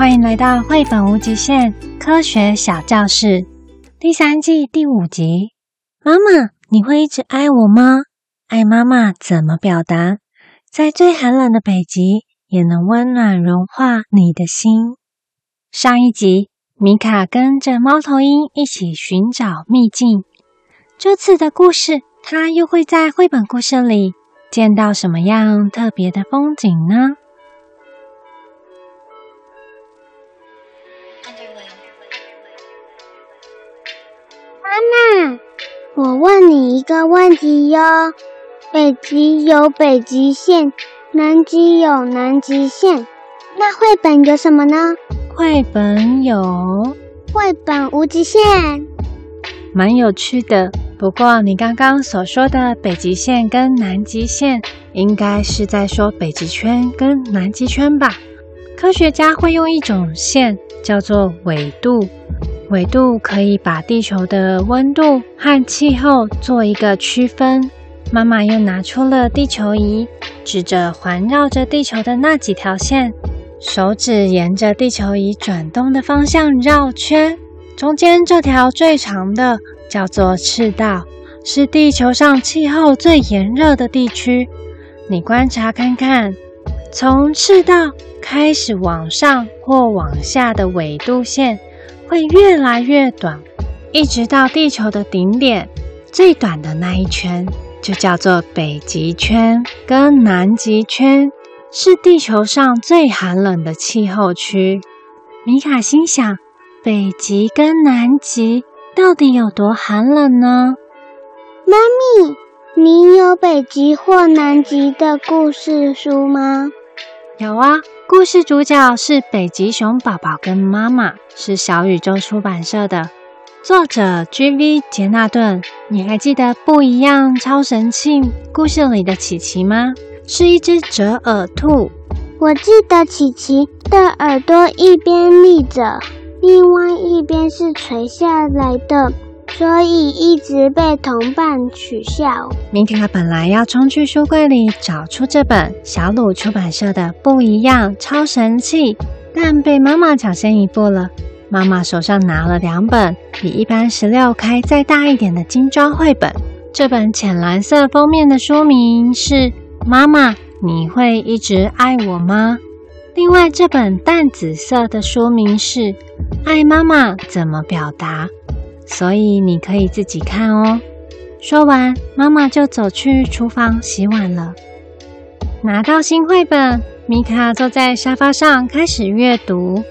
歡迎來到繪本無極限科學小教室第三季第五集。媽媽，你會一直愛我嗎？愛媽媽，怎麼表達？在最寒冷的北極，也能溫暖融化你的心。上一集，米卡跟着貓頭鷹一起尋找秘境。這次的故事，她又會在繪本故事裡見到什麼樣特別的風景呢？個問題喲，北極有北極線，南極有南極線。那繪本有什麼呢？繪本有，繪本無極限蠻有趣的。不過你剛剛所說的北極線跟南極線，應該是在說北極圈跟南極圈吧？科學家會用一種線叫做緯度。緯度可以把地球的溫度和氣候做一個區分。媽媽又拿出了地球儀，指着環繞着地球的那幾條線，手指沿着地球儀轉動的方向繞圈。中間這條最長的叫做赤道，是地球上氣候最炎熱的地區。你觀察看看，從赤道開始往上或往下的緯度線。會越來越短，一直到地球的頂點，最短的那一圈就叫做北極圈，跟南極圈是地球上最寒冷的氣候區。米卡心想，北極跟南極到底有多寒冷呢？媽咪，你有北極或南極的故事書嗎？有啊。故事主角是北極熊寶寶跟媽媽，是小宇宙出版社的，作者 G.V. 傑納頓。你還記得《不一樣超神氣》故事裡的琪琪嗎？是一隻折耳兔。我記得琪琪的耳朵一邊立着，另外一邊是垂下來的。所以一直被同伴取笑。米卡本來要衝去書櫃裡找出這本小魯出版社的《不一樣，超神氣》，但被媽媽搶先一步了。媽媽手上拿了兩本比一般十六開再大一點的精裝繪本。這本淺藍色封面的書名是“媽媽，你會一直愛我嗎？”另外這本淡紫色的書名是“愛媽媽怎麼表達？”所以你可以自己看哦。說完，媽媽就走去廚房洗碗了。拿到新繪本，米卡坐在沙發上開始閱讀。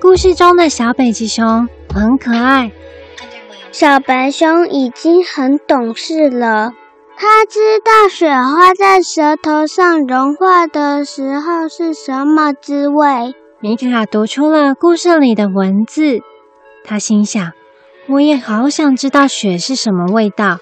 故事中的小北極熊很可愛。小白熊已經很懂事了，它知道雪花在舌頭上融化的時候是什麼滋味。米卡讀出了故事裡的文字，她心想。我也好想知道雪是什麼味道。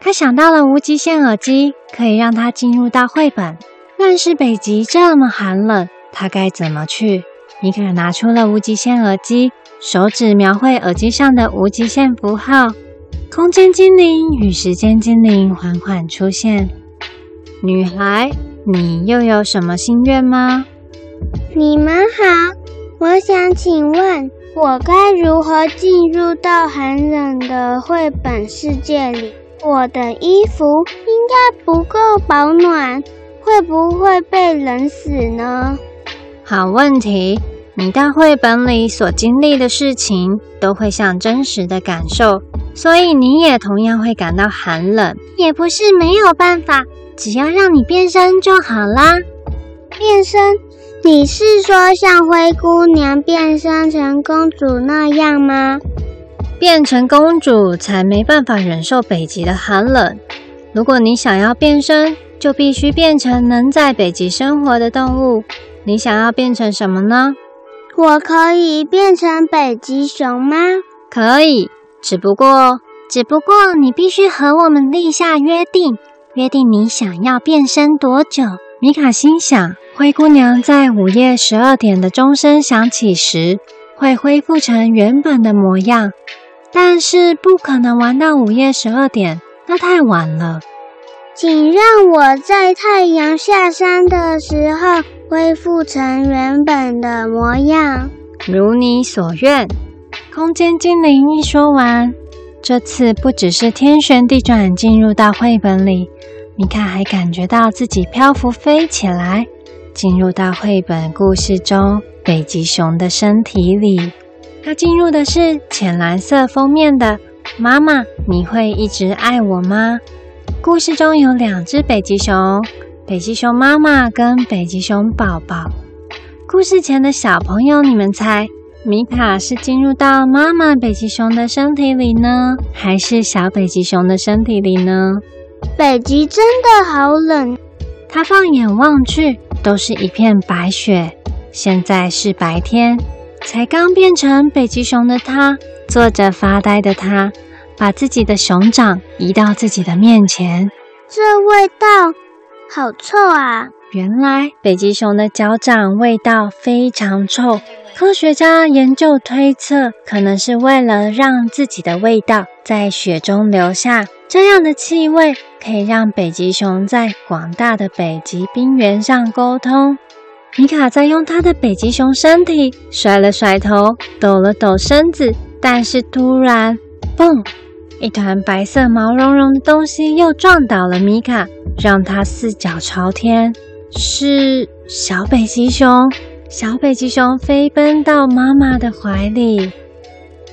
他想到了無極限耳機，可以讓他進入到繪本。但是北極這麼寒冷，他該怎麼去？尼克拿出了無極限耳機，手指描繪耳機上的無極限符號。空間精靈與時間精靈緩緩出現。女孩，你又有什麼心願嗎？你們好，我想請問。我該如何進入到寒冷的繪本世界裡？我的衣服應該不夠保暖，會不會被冷死呢？好問題，你到繪本裡所經歷的事情都會像真實的感受，所以你也同樣會感到寒冷。也不是沒有辦法，只要讓你變身就好啦。變身。你是說像灰姑娘變身成公主那樣嗎？變成公主才沒辦法忍受北極的寒冷。如果你想要變身，就必須變成能在北極生活的動物。你想要變成什麼呢？我可以變成北極熊嗎？可以，只不過，只不過你必須和我們立下約定，約定你想要變身多久。米卡心想。灰姑娘在午夜十二點的鐘聲響起時，會恢復成原本的模樣，但是不可能玩到午夜十二點，那太晚了。請讓我在太陽下山的時候恢復成原本的模樣。如你所願，空間精靈一說完，這次不只是天旋地轉進入到繪本裡，米卡還感覺到自己漂浮飛起來。進入到繪本故事中，北極熊的身體裡，它進入的是淺藍色封面的《媽媽，你會一直愛我嗎》。故事中有兩隻北極熊，北極熊媽媽跟北極熊寶寶。故事前的小朋友，你們猜，米卡是進入到媽媽北極熊的身體裡呢，還是小北極熊的身體裡呢？北極真的好冷，它放眼望去。都是一片白雪。現在是白天，才剛變成北極熊的他，坐着發呆的他，把自己的熊掌移到自己的面前。這味道好臭啊！原來北極熊的腳掌味道非常臭。科學家研究推測，可能是為了讓自己的味道在雪中留下。這樣的氣味可以讓北極熊在廣大的北極冰原上溝通。米卡在用他的北極熊身體甩了甩頭，抖了抖身子，但是突然，嘣，一團白色毛茸茸的東西又撞倒了米卡，讓他四腳朝天。是小北極熊，小北極熊飛奔到媽媽的懷裡，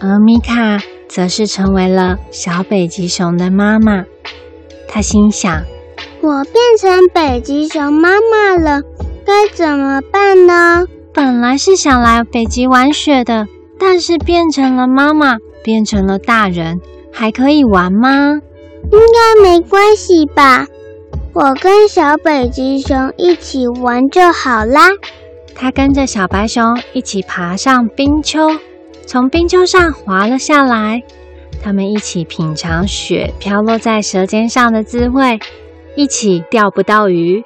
而米卡則是成為了小北極熊的媽媽。她心想：我變成北極熊媽媽了，該怎麼辦呢？本來是想來北極玩雪的，但是變成了媽媽，變成了大人，還可以玩嗎？應該沒關係吧。我跟小北極熊一起玩就好啦。它跟着小白熊一起爬上冰丘，從冰丘上滑了下來。他們一起品嘗雪飄落在舌尖上的滋味，一起釣不到魚。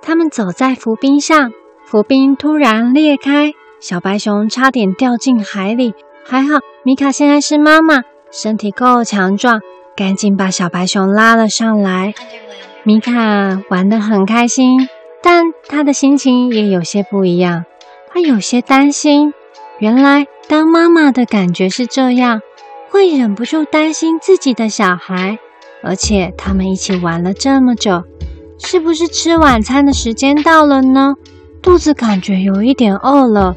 他們走在浮冰上，浮冰突然裂開，小白熊差點掉進海裡。還好米卡現在是媽媽，身體夠強壯，趕緊把小白熊拉了上來。米卡玩得很開心，但他的心情也有些不一樣。他有些擔心，原來當媽媽的感覺是這樣，會忍不住擔心自己的小孩。而且他們一起玩了這麼久，是不是吃晚餐的時間到了呢？肚子感覺有一點餓了。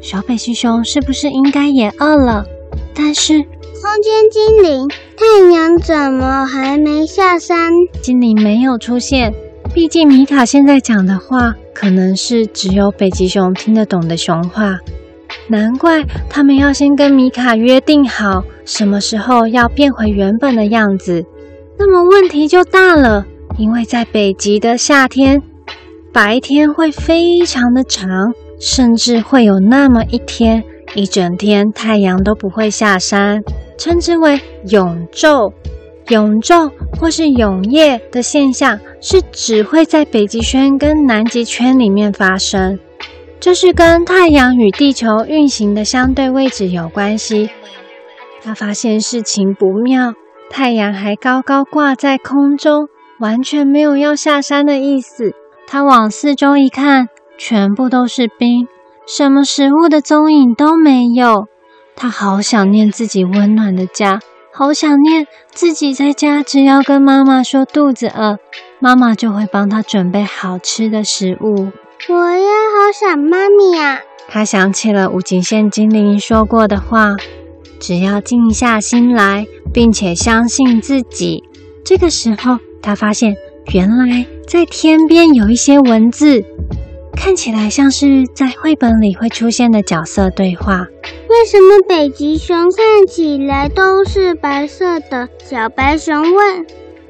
小北極熊是不是應該也餓了？但是，空間精靈。太陽怎麼還沒下山？精靈沒有出現，畢竟米卡現在講的話，可能是只有北極熊聽得懂的熊話。難怪他們要先跟米卡約定好，什麼時候要變回原本的樣子。那麼問題就大了，因為在北極的夏天，白天會非常的長，甚至會有那麼一天，一整天太陽都不會下山。稱之為永晝、永晝或是永夜的現象，是只會在北極圈跟南極圈裡面發生。這，就是跟太陽與地球運行的相對位置有關係。他發現事情不妙，太陽還高高掛在空中，完全沒有要下山的意思。他往四周一看，全部都是冰，什麼食物的蹤影都沒有。他好想念自己溫暖的家，好想念自己在家，只要跟媽媽說肚子餓，媽媽就會幫他準備好吃的食物。我也好想媽咪啊！他想起了無極限精靈說過的話：只要靜下心來，並且相信自己。這個時候，他發現原來在天邊有一些文字。看起來像是在繪本裡會出現的角色對話。為什麼北極熊看起來都是白色的？小白熊問。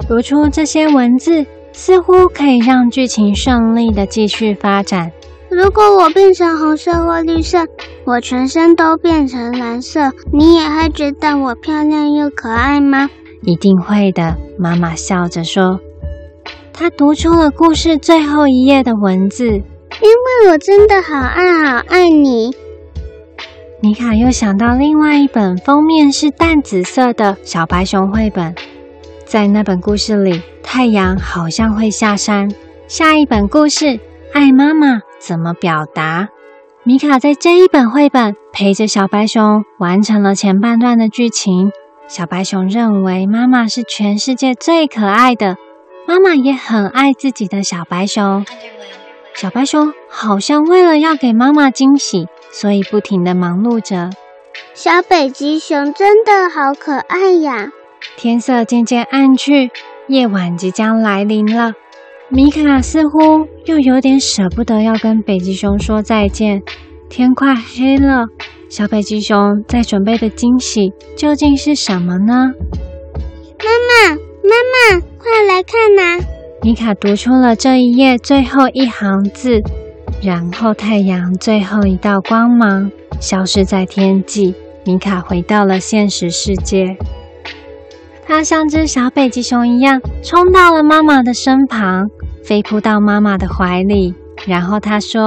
讀出這些文字，似乎可以讓劇情順利的繼續發展。如果我變成紅色或綠色，我全身都變成藍色，你也會覺得我漂亮又可愛嗎？一定會的，媽媽笑着說。她讀出了故事最後一頁的文字。因為我真的好愛好愛你。米卡又想到另外一本封面是淡紫色的小白熊繪本，在那本故事裡，太陽好像會下山。下一本故事，愛媽媽，怎麼表達？米卡在這一本繪本陪着小白熊完成了前半段的劇情。小白熊認為媽媽是全世界最可愛的，媽媽也很愛自己的小白熊。小白熊好像為了要給媽媽驚喜，所以不停地忙碌着。小北極熊真的好可愛呀！天色漸漸暗去，夜晚即將來臨了。米卡似乎又有點捨不得要跟北極熊說再見。天快黑了，小北極熊在準備的驚喜究竟是什麼呢？媽媽，媽媽，快來看吶、啊！米卡讀出了這一頁最後一行字，然後太陽最後一道光芒消失在天際。米卡回到了現實世界，他像隻小北極熊一樣衝到了媽媽的身旁，飛撲到媽媽的懷裡，然後他說：“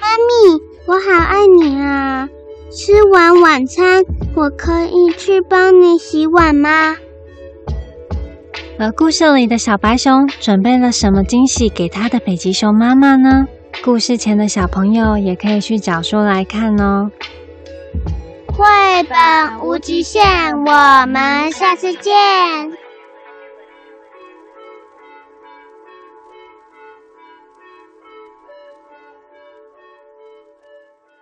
媽咪，我好愛你啊！吃完晚餐，我可以去幫你洗碗嗎？”而故事裡的小白熊準備了什麼驚喜給他的北極熊媽媽呢？故事前的小朋友也可以去找書來看哦。繪本無極限，我們下次見。